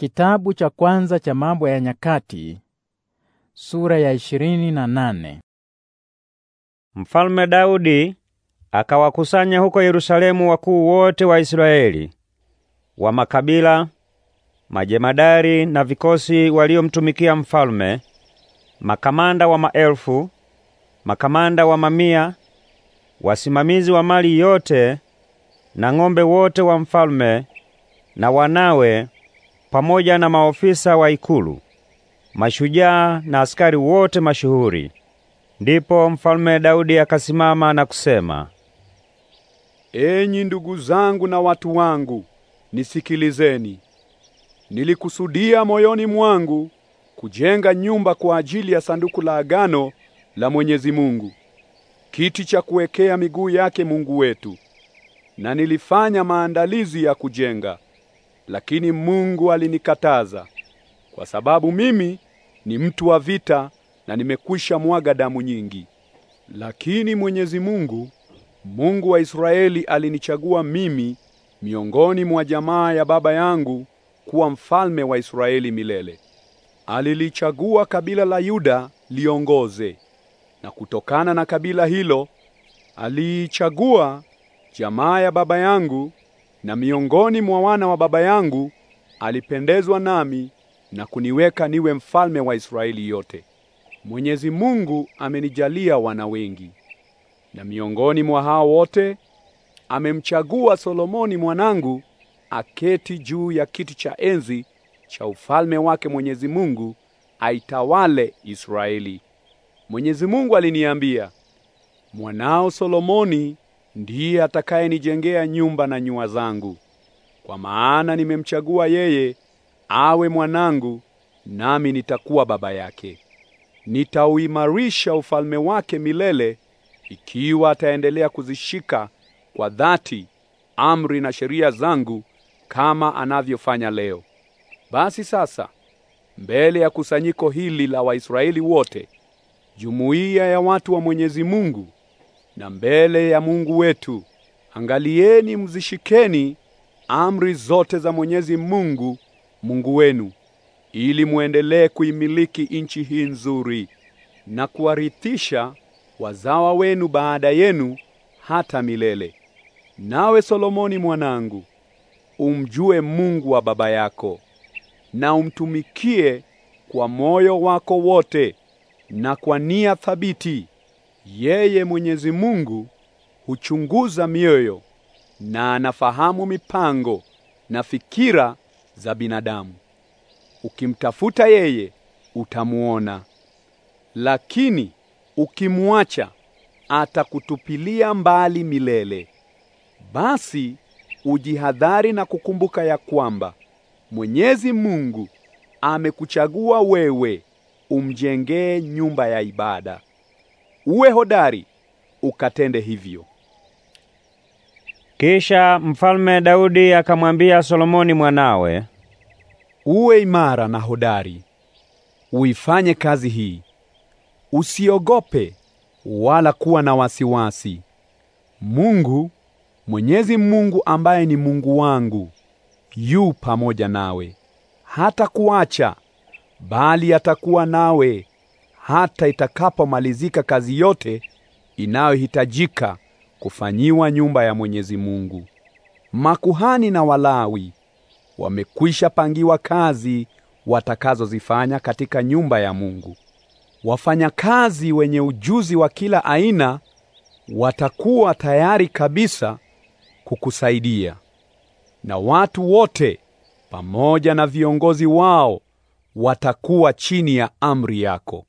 Kitabu cha kwanza cha Mambo ya Nyakati sura ya ishirini na nane. Mfalme Daudi akawakusanya huko Yerusalemu wakuu wote wa Israeli wa makabila, majemadari na vikosi waliomtumikia mfalme, makamanda wa maelfu, makamanda wa mamia, wasimamizi wa mali yote na ng'ombe wote wa mfalme na wanawe pamoja na maofisa wa ikulu, mashujaa na askari wote mashuhuri. Ndipo Mfalme Daudi akasimama na kusema, Enyi ndugu zangu na watu wangu, nisikilizeni. Nilikusudia moyoni mwangu kujenga nyumba kwa ajili ya sanduku la agano la Mwenyezi Mungu, kiti cha kuwekea miguu yake Mungu wetu, na nilifanya maandalizi ya kujenga lakini Mungu alinikataza kwa sababu mimi ni mtu wa vita na nimekwisha mwaga damu nyingi. Lakini Mwenyezi Mungu, Mungu wa Israeli, alinichagua mimi miongoni mwa jamaa ya baba yangu kuwa mfalme wa Israeli milele. Alilichagua kabila la Yuda liongoze, na kutokana na kabila hilo aliichagua jamaa ya baba yangu na miongoni mwa wana wa baba yangu alipendezwa nami na kuniweka niwe mfalme wa Israeli yote. Mwenyezi Mungu amenijalia wana wengi, na miongoni mwa hao wote amemchagua Solomoni mwanangu aketi juu ya kiti cha enzi cha ufalme wake Mwenyezi Mungu aitawale Israeli. Mwenyezi Mungu aliniambia, mwanao Solomoni ndiye atakayenijengea nyumba na nyua zangu, kwa maana nimemchagua yeye awe mwanangu, nami nitakuwa baba yake. Nitauimarisha ufalme wake milele, ikiwa ataendelea kuzishika kwa dhati amri na sheria zangu kama anavyofanya leo. Basi sasa, mbele ya kusanyiko hili la Waisraeli wote, jumuiya ya watu wa Mwenyezi Mungu, na mbele ya Mungu wetu. Angalieni mzishikeni amri zote za Mwenyezi Mungu Mungu wenu, ili muendelee kuimiliki nchi hii nzuri na kuwarithisha wazawa wenu baada yenu hata milele. Nawe Solomoni mwanangu, umjue Mungu wa baba yako na umtumikie kwa moyo wako wote na kwa nia thabiti. Yeye Mwenyezi Mungu huchunguza mioyo na anafahamu mipango na fikira za binadamu. Ukimtafuta yeye utamuona, lakini ukimwacha atakutupilia mbali milele. Basi ujihadhari na kukumbuka ya kwamba Mwenyezi Mungu amekuchagua wewe umjengee nyumba ya ibada uwe hodari ukatende hivyo. Kisha mfalme Daudi akamwambia Solomoni mwanawe, uwe imara na hodari, uifanye kazi hii, usiogope wala kuwa na wasiwasi. Mungu Mwenyezi Mungu ambaye ni Mungu wangu yu pamoja nawe, hata kuacha bali atakuwa nawe hata itakapomalizika kazi yote inayohitajika kufanyiwa nyumba ya Mwenyezi Mungu. Makuhani na Walawi wamekwisha pangiwa kazi watakazozifanya katika nyumba ya Mungu. Wafanyakazi wenye ujuzi wa kila aina watakuwa tayari kabisa kukusaidia, na watu wote pamoja na viongozi wao watakuwa chini ya amri yako.